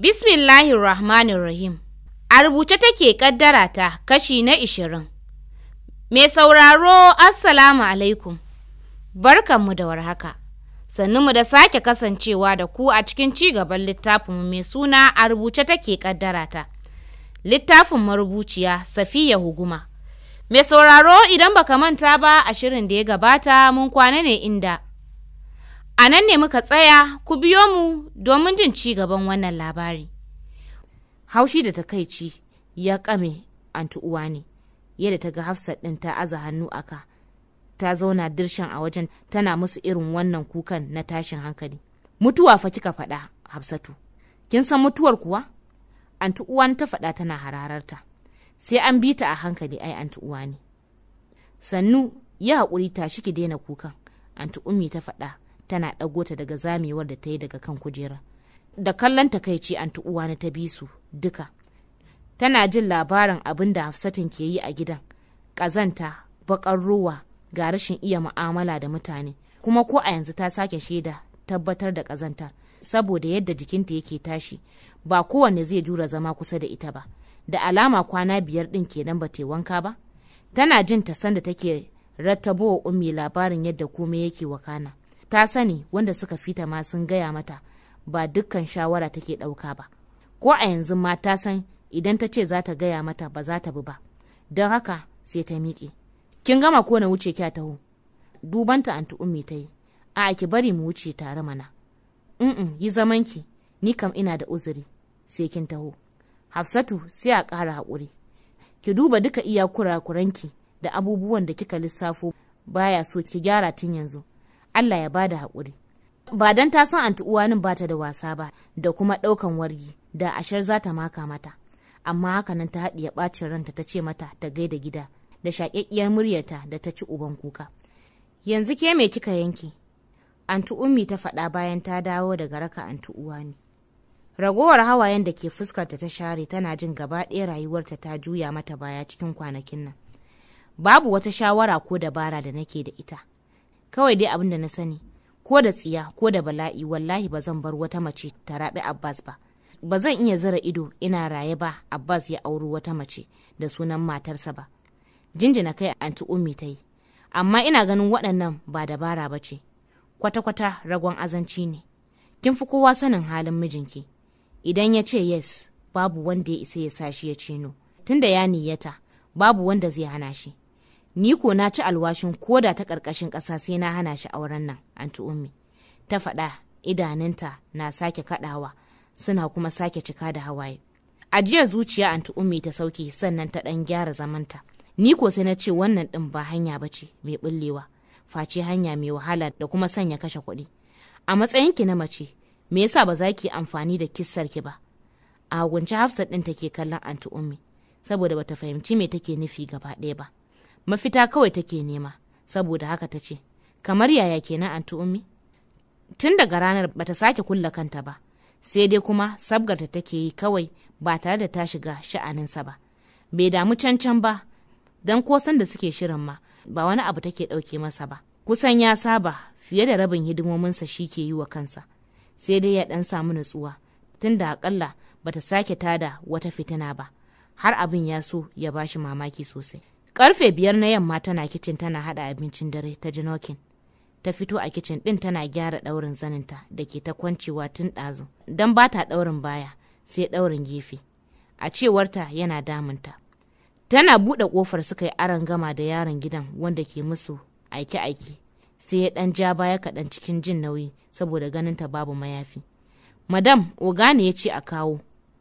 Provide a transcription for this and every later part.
Bismillahir Rahmanir Rahim. A rubuce take kaddara ta kashi na ishirin. Me sauraro Assalamu alaikum. Barkanmu da warhaka. Sannu mu da sake kasancewa da ku a cikin ci gaban littafinmu mai suna a rubuce take kaddara ta. Littafin marubuciya Safiya Huguma. Me sauraro idan baka manta ba a shirin da ya gabata mun kwana ne inda A nan ne muka tsaya ku biyo mu domin jin ci gaban wannan labari. Haushi da takaici ya kame anti uwa ne, yadda ta ga Hafsat ɗin ta aza hannu aka, ta zauna dirshan a wajen tana musu irin wannan kukan na tashin hankali. Mutuwa fa kika faɗa, Hafsatu. Kin san mutuwar kuwa? anti uwan ta faɗa tana hararta. Sai an bi ta a hankali ai anti uwa ne. Sannu ya haƙuri tashi ki daina kukan. anti umi ta faɗa tana ɗago ta daga zamewar da ta yi daga kan kujera da kallon takaici an uwa na ta bi su duka tana jin labarin abin da hafsatin ke yi a gidan ƙazanta baƙar ruwa ga rashin iya mu'amala da mutane kuma ko a yanzu ta sake shaida tabbatar da ƙazanta saboda yadda jikinta yake tashi ba kowanne zai jura zama kusa da ita ba da alama kwana biyar ɗin kenan ba ta wanka ba tana jin ta sanda take rattabowa ummi labarin yadda komai yake wakana ta sani wanda suka fita ma sun gaya mata ba dukkan shawara take ɗauka ba ko a yanzu ma ta san idan ta ce za ta gaya mata ba za ta bi ba don haka sai ta miƙe kin gama ko na wuce kya taho dubanta anti ummi ta yi a ki bari mu wuce tare mana in yi zaman ki ni kam ina da uzuri sai kin taho hafsatu sai a ƙara haƙuri ki duba duka iya kurakuranki da abubuwan da kika lissafo baya so ki gyara tun yanzu Allah ya bada haƙuri. Ba don ta san anti uwanin bata da wasa ba da kuma ɗaukan wargi da ashar za ta maka mata. Amma hakanan ta haɗiye ɓacin ranta ta ce mata ta gaida gida da shaƙaƙƙiyar muryarta da ta ci uban kuka. Yanzu ke mai kika yanke? Anti Ummi ta faɗa bayan ta dawo daga raka anti uwani. Ragowar hawayen da ke fuskarta ta share tana jin gaba ɗaya rayuwarta ta juya mata baya cikin kwanakin nan. Babu wata shawara ko dabara da nake da ita. kawai dai abin da na sani ko da tsiya ko da bala'i wallahi ba zan bar wata mace ta rabi abbas ba ba zan iya zara ido ina raye ba abbas ya auri wata mace da sunan matarsa ba jinjina kai anti ummi ta yi amma ina ganin waɗannan ba dabara ba ce kwata-kwata ragon azanci ne kin fi kowa sanin halin mijinki idan ya ce yes babu wanda ya isa ya sashi ya ce no tunda ya niyyata babu wanda zai hana shi ni ko na ci alwashin koda ta ƙarƙashin ƙasa sai na hana shi auren nan anti ummi ta faɗa idanunta na sake kaɗawa suna kuma sake cika da hawaye ajiyar zuciya anti ummi ta sauke sannan ta ɗan gyara zamanta ni ko sai na ce wannan ɗin ba hanya ba ce mai ɓullewa face hanya mai wahala da kuma sanya kashe kuɗi a matsayinki na mace me yasa ba za ki amfani da ki ba a gunci hafsat ɗin take kallon anti ummi saboda bata fahimci me take nufi gaba ɗaya ba mafita kawai take nema saboda haka ta ce kamar yaya kenan an ummi tun daga ranar bata sake kulla kanta ba sai dai kuma sabgarta take yi kawai ba tare da ta shiga sha'aninsa ba bai damu cancan ba don kosan da suke shirin ma ba wani abu take ɗauke masa ba kusan ya saba fiye da rabin hidimominsa shi ke yi wa kansa sai dai ya ɗan samu nutsuwa tun da akalla bata sake tada wata fitina ba har abin ya so ya bashi mamaki sosai Karfe biyar na yamma tana kicin tana hada abincin dare ta ji nokin. Ta fito a kicin din tana gyara daurin zaninta da ke ta kwancewa tun ɗazu. Don ba ta daurin baya sai daurin gefe. A cewarta yana damunta. Tana buɗe ƙofar suka yi aron gama da yaron gidan wanda ke musu aike-aike. Sai ya ɗan ja baya kaɗan cikin jin nauyi saboda ganin ta babu mayafi. Madam, Ogani ya ce a kawo,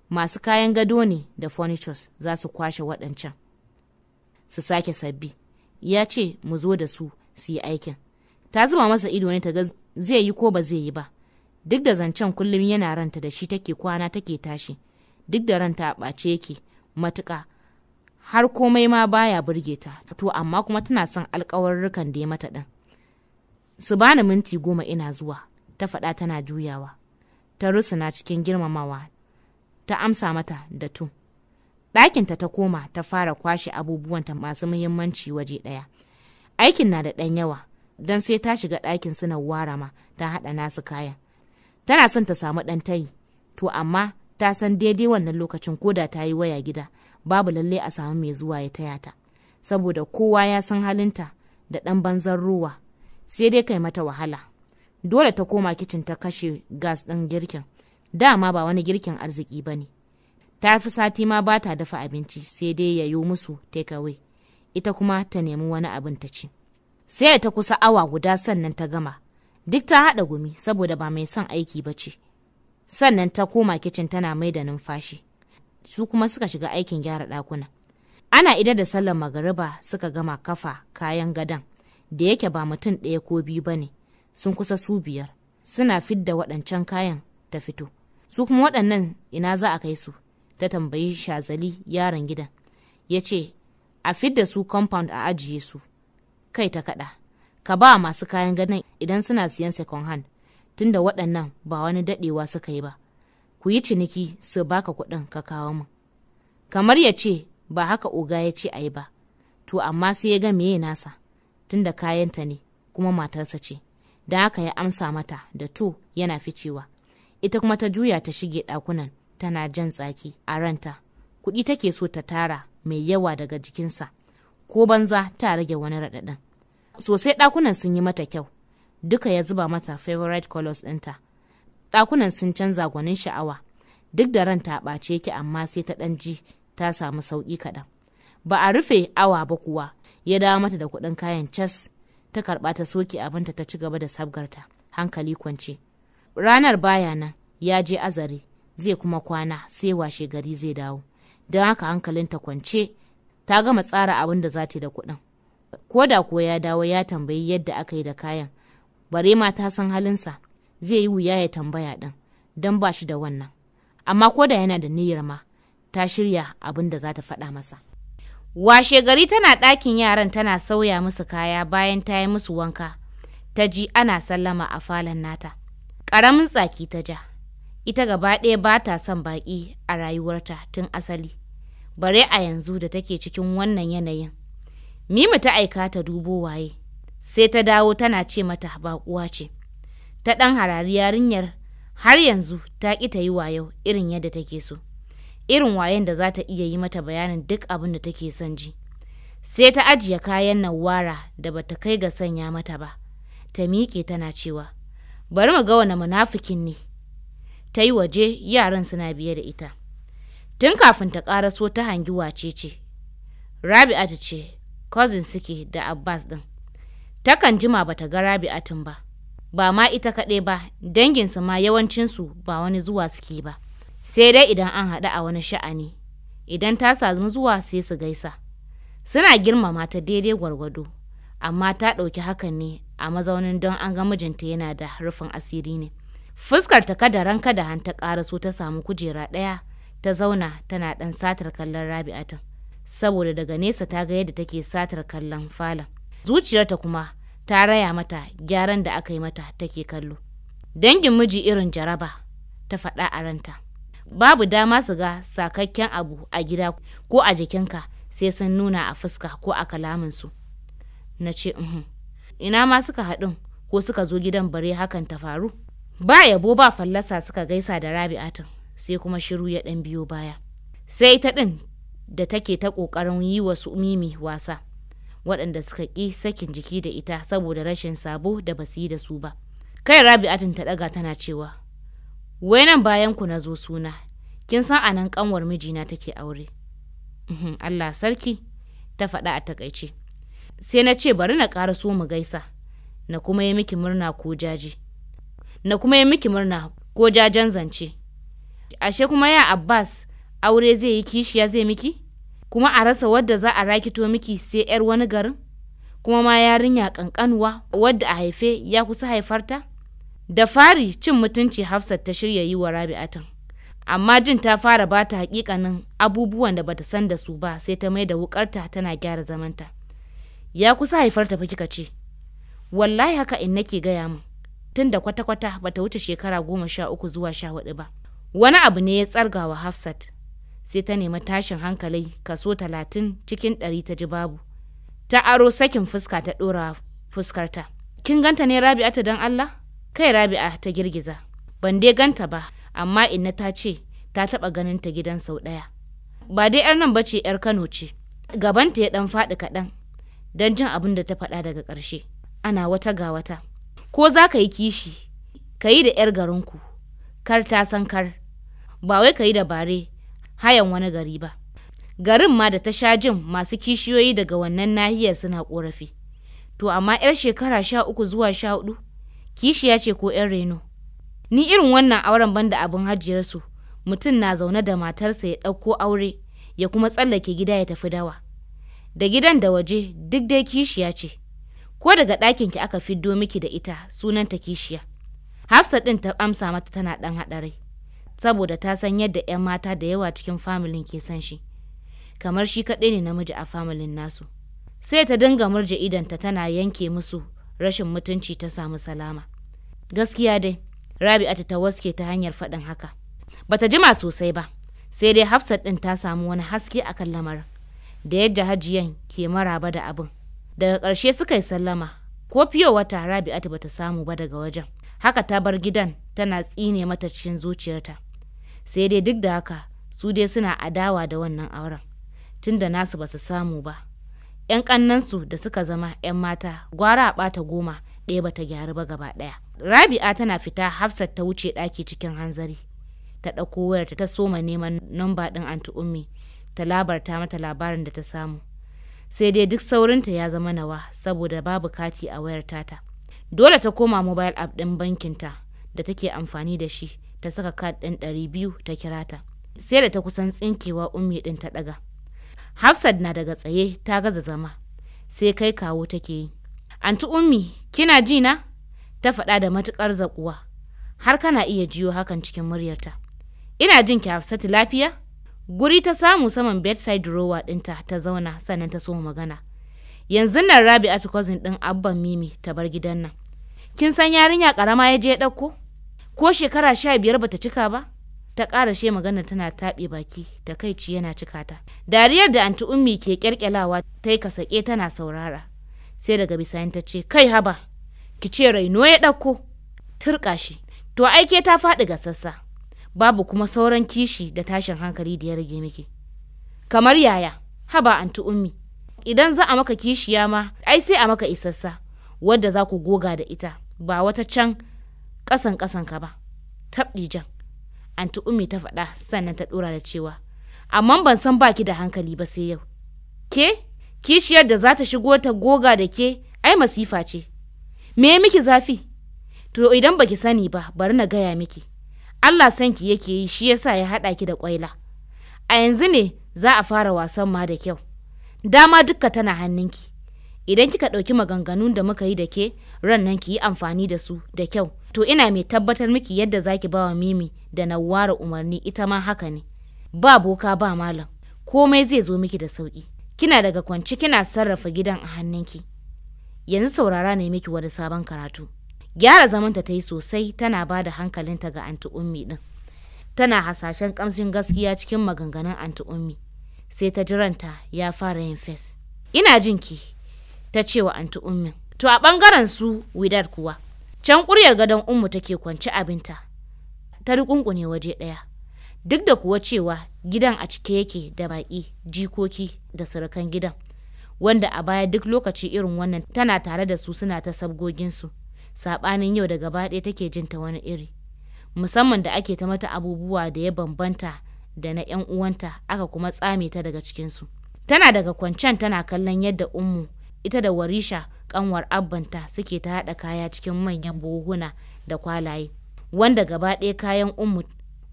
masu kayan gado ne da furnitures za su kwashe waɗancan. su sake sabbi ya ce mu zo da su su yi aikin ta zuba masa ido ne ta ga zai yi ko ba zai yi ba duk da zancen kullum yana ranta da shi take kwana take tashi duk da ranta a ɓace yake matuƙa har komai ma baya burge ta to amma kuma tana son alkawarrukan da ya mata ɗin su bani minti goma ina zuwa ta faɗa tana juyawa ta rusuna cikin girmamawa ta amsa mata da tun ɗakinta ta koma ta fara kwashe abubuwanta masu muhimmanci waje ɗaya. Aikin na da ɗan yawa, don sai ta shiga ɗakin suna wara ma ta haɗa nasu kayan. Tana son ta samu ɗan tayi, to amma ta san daidai wannan lokacin koda ta yi waya gida, babu lallai a samu mai zuwa ya taya ta. Saboda kowa ya san halinta da ɗan banzan ruwa, sai dai kai mata wahala. Dole ta koma kicin ta kashe gas ɗin girkin, dama ba wani girkin arziki ba ne. ta fi sati ma ba ta dafa abinci sai dai ya yi musu takeaway ita kuma ta nemi wani abin ta ci sai ta kusa awa guda sannan ta gama duk ta haɗa gumi saboda ba mai son aiki ba ce sannan ta koma kicin tana mai da numfashi su kuma suka shiga aikin gyara ɗakuna ana ida da sallar magariba suka gama kafa kayan gadon da yake ba mutum ɗaya ko biyu ba ne sun kusa su biyar suna fidda waɗancan kayan ta fito su kuma waɗannan ina za a kai su ta tambayi shazali yaron gidan ya ce a fidda su compound a ajiye su kai ta kaɗa ka ba masu kayan ganin idan suna siyan second hand tunda waɗannan ba wani daɗewa suka yi ba ku yi ciniki su baka kuɗin ka kawo min kamar ya ce ba haka oga ya ce a yi ba to amma sai ya ga meye nasa tunda kayanta ne kuma matarsa ce da haka ya amsa mata da to yana ficewa ita kuma ta juya ta shige ɗakunan tana jan tsaki a ranta kuɗi take so ta tara mai yawa daga jikinsa ko banza ta rage wani raɗaɗin sosai ɗakunan sun yi mata kyau duka ya zuba mata favorite colors ɗinta ɗakunan sun canza gwanin sha'awa duk da ranta a ɓace yake amma sai ta ɗan ji ta samu sauƙi kaɗan ba a rufe awa ba kuwa ya dawo mata da kuɗin kayan cas ta karɓa ta soke abinta ta ci gaba da sabgarta hankali kwance ranar baya nan ya je azare zai kuma kwana sai washe gari zai dawo don haka hankalinta kwance ta gama tsara abin da za ta da kuɗin ko da kuwa ya dawo ya tambayi yadda aka yi da kayan bare ma ta san halinsa zai yi wuya ya tambaya ɗin don ba shi da wannan amma ko da yana da niyyar ma ta shirya abin da za ta faɗa masa washe gari tana ɗakin yaran tana sauya musu kaya bayan ta yi musu wanka ta ji ana sallama a falon nata ƙaramin tsaki ta ja ita gaba ɗaya ba ta son baƙi a rayuwarta tun asali bare a yanzu da take cikin wannan yanayin mimu ta aika ta dubo waye sai ta dawo tana ce mata baƙuwa ce ta ɗan harari yarinyar har yanzu ta ƙi ta yi wayo irin yadda take so irin wayen da za ta iya yi mata bayanin duk abin da take son ji sai ta ajiye kayan nan wara da bata kai ga sanya mata ba ta miƙe tana cewa bari mu ga wani munafikin ne ta yi waje yaran suna biye da ita tun kafin ta karaso ta hangi wace ce rabi'atu ce cousin suke da abbas din takan jima bata ga rabi'atun ba ba ma ita kaɗai ba danginsu ma yawancinsu ba wani zuwa suke ba sai dai idan an haɗu a wani sha'ani idan ta samu zuwa sai su gaisa suna girmama ta daidai gwargwado amma ta ɗauki hakan ne a mazaunin don an ga mijinta yana da rufin asiri ne fuskar ta kada ranka da hanta karaso ta samu kujera ɗaya ta zauna tana ɗan satar kallon Rabi'atan, saboda daga nesa ta ga yadda take satar kallon falon zuciyarta kuma ta raya mata gyaran da aka yi mata take kallo dangin miji irin jaraba ta faɗa a ranta babu dama su ga sakakken abu a gida ko a jikinka sai sun nuna a fuska ko a kalaminsu na ce uhm, ina ma suka haɗin ko suka zo gidan bare hakan ta faru Ba yabo ba fallasa suka gaisa da Rabi'atun sai kuma shiru ya ɗan biyo baya. Sai ta ɗin da take ta ƙoƙarin yi wa su mimi wasa waɗanda suka ƙi sakin jiki da ita saboda rashin sabo da basu yi da su ba. Kai Rabi'atun ta ɗaga tana cewa, Wai nan bayan ku na zo suna, kin san anan ƙanwar mijina take aure. Uhm, Allah sarki ta faɗa a takaice. Sai na ce bari na ƙara so mu gaisa, na kuma yi miki murna ko jaji. na kuma ya miki murna ko jajen zance ashe kuma ya abbas aure zai yi kishiya zai miki kuma a rasa wadda za a rakito miki sai yar wani garin kuma ma yarinya ƙanƙanuwa wadda a haife ya kusa haifarta da fari cin mutunci hafsat ta shirya yi wa rabi'atan amma jin ta fara ba ta hakikanin abubuwan da bata san da su ba sai ta mai da wukarta tana gyara zamanta ya kusa haifarta fa kika ce wallahi haka in nake gaya min tun da kwata-kwata ba ta wuce shekara goma sha uku zuwa sha hudu ba. Wani abu ne ya tsargawa Hafsat sai ta nemi tashin hankali kaso talatin cikin ɗari ta ji babu. Ta aro sakin fuska ta ɗora fuskarta. Kin ganta ne ta don Allah? Kai Rabi'a ta girgiza. Ban dai ganta ba, amma inna ta ce ta taɓa ganin ta gidan sau ɗaya. Ba dai 'yar nan ba ce 'yar Kano ce. Gabanta ya ɗan faɗi kaɗan don jin abin da ta faɗa daga ƙarshe. Ana wata ga wata. ko za ka yi kishi ka yi da 'yar garinku kar ta san kar ba wai ka yi da bare hayan wani gari ba garin ma da ta sha jin masu kishiyoyi daga wannan nahiyar suna korafi to amma 'yar shekara sha uku zuwa sha hudu kishiya ce ko 'yan reno ni irin wannan auren banda abin hajiyarsu mutum na zaune da matarsa ya ɗauko aure ya kuma tsallake gida ya tafi dawa da gidan da waje duk dai kishiya ce ko daga ɗakin ki aka fiddo miki da ita sunanta kishiya hafsa ɗin ta amsa mata tana ɗan haɗarai saboda ta san yadda 'yan mata da yawa cikin familin ke san shi kamar shi kaɗai ne namiji a familin nasu sai ta dinga murje idanta tana yanke musu rashin mutunci ta samu salama gaskiya dai rabi'atu ta waske ta hanyar faɗin haka bata jima sosai ba sai dai hafsat ɗin ta samu wani haske akan lamarin da yadda hajiyan ke maraba da abin Daga ƙarshe suka yi sallama, ko wata ta bata samu ba daga wajen. Haka ta bar gidan tana tsine mata cikin zuciyarta. Sai dai duk da haka su dai suna adawa da wannan auren. Tunda nasu basu samu ba. 'Yan kannansu da suka zama 'yan mata gwara a ɓata goma ɗaya bata gyaru ba gaba ɗaya. Rabi'a tana fita Hafsat ta wuce ɗaki cikin hanzari. Ta ɗauko wayarta ta soma neman namba ɗin anti ummi ta labarta mata labarin da ta samu. sai dai duk saurinta ya zama nawa saboda babu kati a wayar tata dole ta koma mobile app ɗin bankinta da take amfani da shi ta saka kad ɗin ɗari biyu ta kira ta sai da ta kusan tsinkewa ummi ɗin ta ɗaga hafsat na daga tsaye ta gaza zama sai kai kawo take yi anti ummi kina ji na ta faɗa da matuƙar zaƙuwa har kana iya jiyo hakan cikin muryarta ina jin ki hafsatu lafiya Guri ta samu saman bedside drawer dinta ta zauna sannan ta so magana. Yanzu nan Rabi'atu cousin ɗin abban Mimi ta bar gidan nan. Kin san yarinya ƙarama ya je ya ɗauko? Ko shekara sha biyar bata cika ba? ta ƙara she magana tana taɓe baki ta kai ci yana cika ta. Dariyar da anti ummi ke ƙyarƙyalawa ta yi kasake tana saurara. Sai daga bisani ta ce, Kai haba, ki ce raino ya ɗauko, turƙa shi, to aike ta faɗi ga sassa. babu kuma sauran kishi da tashin hankali da ya rage miki kamar yaya haba anti ummi idan za a maka kishiya ma ai sai a maka isassa wadda za ku goga da ita ba wata can kasan kasan ka ba jan anti ummi ta faɗa sannan ta ɗora da cewa amma ban san baki da hankali ba sai yau ke kishiyar da za ta shigo ta goga da ke ai masifa ce me miki zafi to idan baki sani ba bari na gaya miki Allah san ki yake yi shi yasa ya haɗa ki da ƙwaila. A yanzu ne za a fara wasan ma da kyau. Dama dukka tana hannunki. Idan kika ɗauki maganganun da muka yi da ke ran nan ki yi amfani da su da kyau. To ina mai tabbatar miki yadda za ki bawa Mimi da Nawwara umarni ita ma haka ne. Ba boka ba malam. Komai zai zo miki da sauƙi. Kina daga kwanci kina sarrafa gidan a hannunki. Yanzu saurara ne miki wani sabon karatu. gyara zamanta ta yi sosai tana ba da hankalinta ga anti ummi din tana hasashen kamshin gaskiya cikin maganganun anti ummi sai ta jiranta ya fara yin fes ina jinki ta ce wa anti ummin to a bangaren su widar kuwa can kuryar gadon ummu take kwanci abinta ta rikunkune waje ɗaya duk da kuwa cewa gidan a cike yake da baƙi jikoki da surukan gidan wanda a baya duk lokaci irin wannan tana tare da su suna ta sabgoginsu saɓanin yau da gaba ɗaya take jin ta wani iri musamman da ake ta mata abubuwa da ya bambanta da na 'yan uwanta aka kuma tsame ta daga cikinsu tana daga kwancen tana kallon yadda ummu ita da warisha kanwar abbanta suke ta haɗa kaya cikin manyan buhuna da kwalaye wanda gaba ɗaya kayan ummu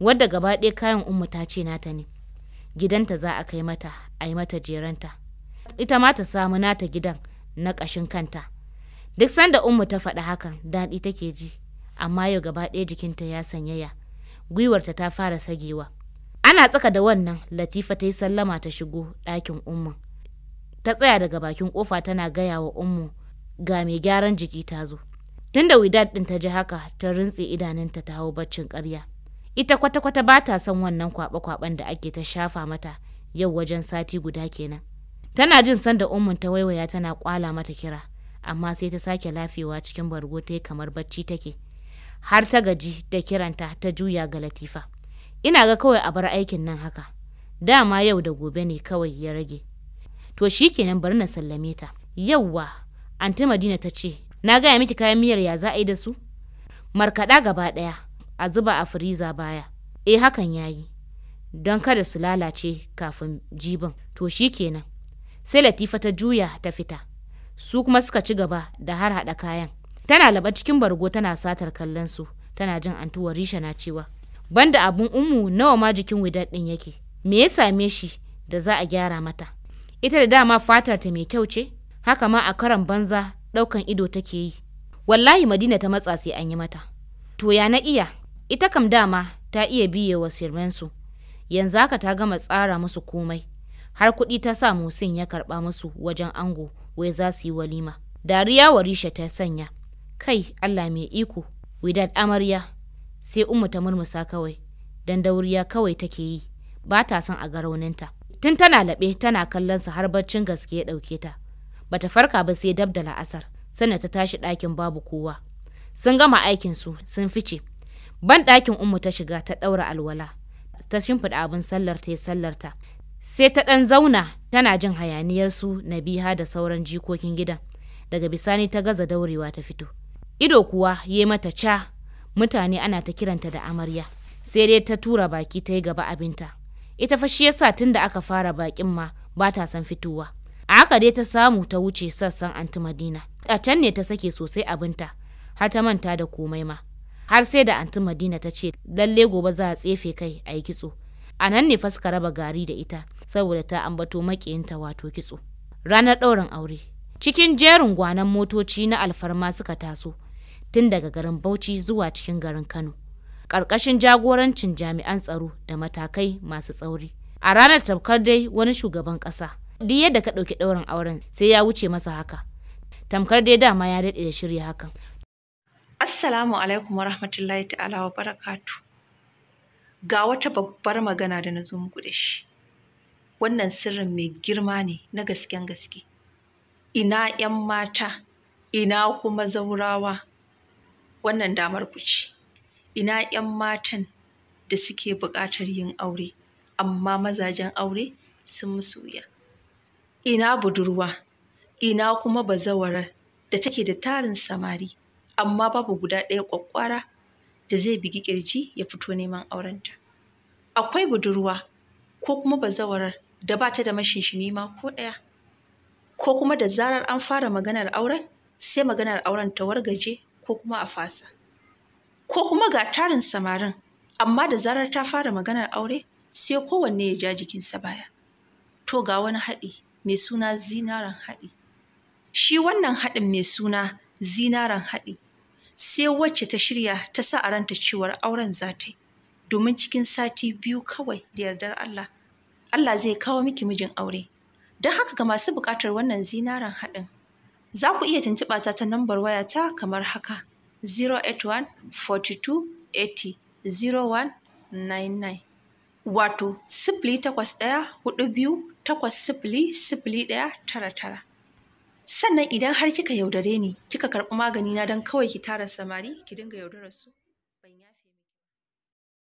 wadda gaba ɗaya kayan ummu ta ce nata ne gidanta za a kai mata a yi mata jeranta ita ma ta samu nata gidan na ƙashin kanta Duk sanda Ummu ta faɗi hakan, daɗi take ji, amma yau gaba ɗaya jikinta ya sanyaya, gwiwarta ta fara sagewa. Ana tsaka da wannan, Latifa ta yi sallama ta shigo ɗakin Ummu. Ta tsaya daga bakin ƙofa tana gaya wa Ummu ga mai gyaran jiki ta zo. Tunda Widad ɗin ta ji haka, ta rintse idanunta ta hau baccin ƙarya. Ita kwata-kwata ba ta son wannan kwaɓe-kwaɓen da ake ta shafa mata yau wajen sati guda kenan. Tana jin sanda ummin ta waiwaya tana kwala mata kira. amma sai ta sake lafewa cikin bargo ta kamar bacci take har ta gaji da kiranta ta juya ga latifa ina ga kawai a bar aikin nan haka dama yau da gobe ne kawai ya rage to shi kenan bari na sallame ta yauwa anti madina ta ce na gaya miki kayan miyar ya za a yi da su markaɗa gaba ɗaya a zuba a firiza baya eh hakan ya yi don kada su lalace kafin jibin to shi kenan sai latifa ta juya ta fita su kuma suka ci gaba da har hada kayan tana laba cikin bargo tana satar kallon su tana jin antuwa risha na cewa banda abun umu nawa ma jikin widar din yake me ya same shi da za a gyara mata ita da dama fatar ta mai kyau ce haka ma a karan banza daukan ido take yi wallahi madina ta matsa sai an yi mata to ya na iya ita kam dama ta iya biye wa sirmensu yanzu haka ta gama tsara musu komai har kuɗi ta sa musin ya karɓa musu wajen ango wai za su yi walima. Dariya Warisha ta sanya, kai Allah mai iko, Widad amarya, sai Ummu ta murmusa kawai, dan dauriya kawai take yi, ba ta son a garauninta Tun tana laɓe tana kallon sa har baccin gaske ya ɗauke ta. Bata farka ba sai dab da la'asar, sannan ta tashi ɗakin babu kowa. Sun gama aikin su sun fice. Ban ɗakin Ummu ta shiga ta ɗaura alwala. ta shimfiɗa abin sallar ta yi sallar ta sai ta ɗan zauna tana jin hayaniyarsu biha da sauran jikokin gidan daga bisani ta gaza daurewa ta fito ido kuwa ya mata ca mutane ana ta kiranta da amarya sai dai ta tura baki ta yi gaba abinta ita fa shi yasa tun da aka fara bakin ma ba ta san fitowa a haka dai ta samu ta wuce sassan anti madina a can ne ta sake sosai abinta har ta manta da komai ma har sai da anti madina ta ce lalle gobe za a tsefe kai a yi kitso a nan ne fa raba gari da ita saboda ta ambato makiyinta wato kitso ranar ɗaurin aure cikin jerin gwanan motoci na alfarma suka taso tun daga garin bauchi zuwa cikin garin kano ƙarƙashin jagorancin jami'an tsaro da matakai masu tsauri a ranar tamkar dai wani shugaban ƙasa duk yadda ka ɗauki ɗaurin auren sai ya wuce masa haka tamkar dai dama ya daɗe da shirya hakan assalamu alaikum warahmatullahi ta'ala wa barakatu ga wata babbar magana da na zo muku da shi wannan sirrin mai girma ne na gasken gaske ina 'yan mata ina kuma zaurawa wannan damar ku ce ina 'yan matan da suke buƙatar yin aure amma mazajen aure sun musu wuya ina budurwa ina kuma bazawarar da take da tarin samari amma babu guda ɗaya ƙwaƙƙwara da zai bigi ƙirji ya fito neman aurenta. Akwai budurwa ko kuma bazawarar da ba ta da mashinshini ma ko ɗaya, ko kuma da zarar an fara maganar auren sai maganar auren ta wargaje ko kuma a fasa. Ko kuma ga tarin samarin, amma da zarar ta fara maganar aure sai kowanne ya ja jikinsa baya. To ga wani haɗi mai suna zinaran haɗi. Shi wannan haɗin mai suna zinaran haɗi sai wacce ta shirya ta sa a ranta cewar auren za ta yi domin cikin sati biyu kawai da yardar Allah Allah zai kawo miki mijin aure don haka ga masu buƙatar wannan zinaren haɗin za ku iya tuntuɓa ta ta nambar wayata kamar haka 081 42 80 0199 wato sifili takwas ɗaya hudu biyu takwas sifili sifili ɗaya tara tara sannan idan har kika yaudare ni kika karɓi maganina don kawai ki tara samari ki dinga yaudarar su